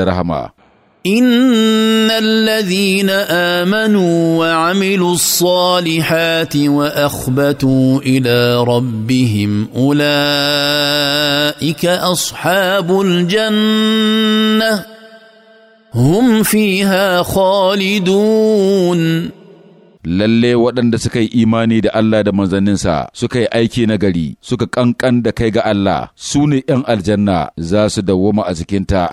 رحمه ان الذين امنوا وعملوا الصالحات واخبتوا الى ربهم اولئك ashabun الجنه هم فيها خالدون lalle waɗanda suka yi imani da Allah da manzanninsa suka yi aiki na gari suka ƙanƙan da kai ga Allah su ne ‘yan aljanna za su dawwama a cikinta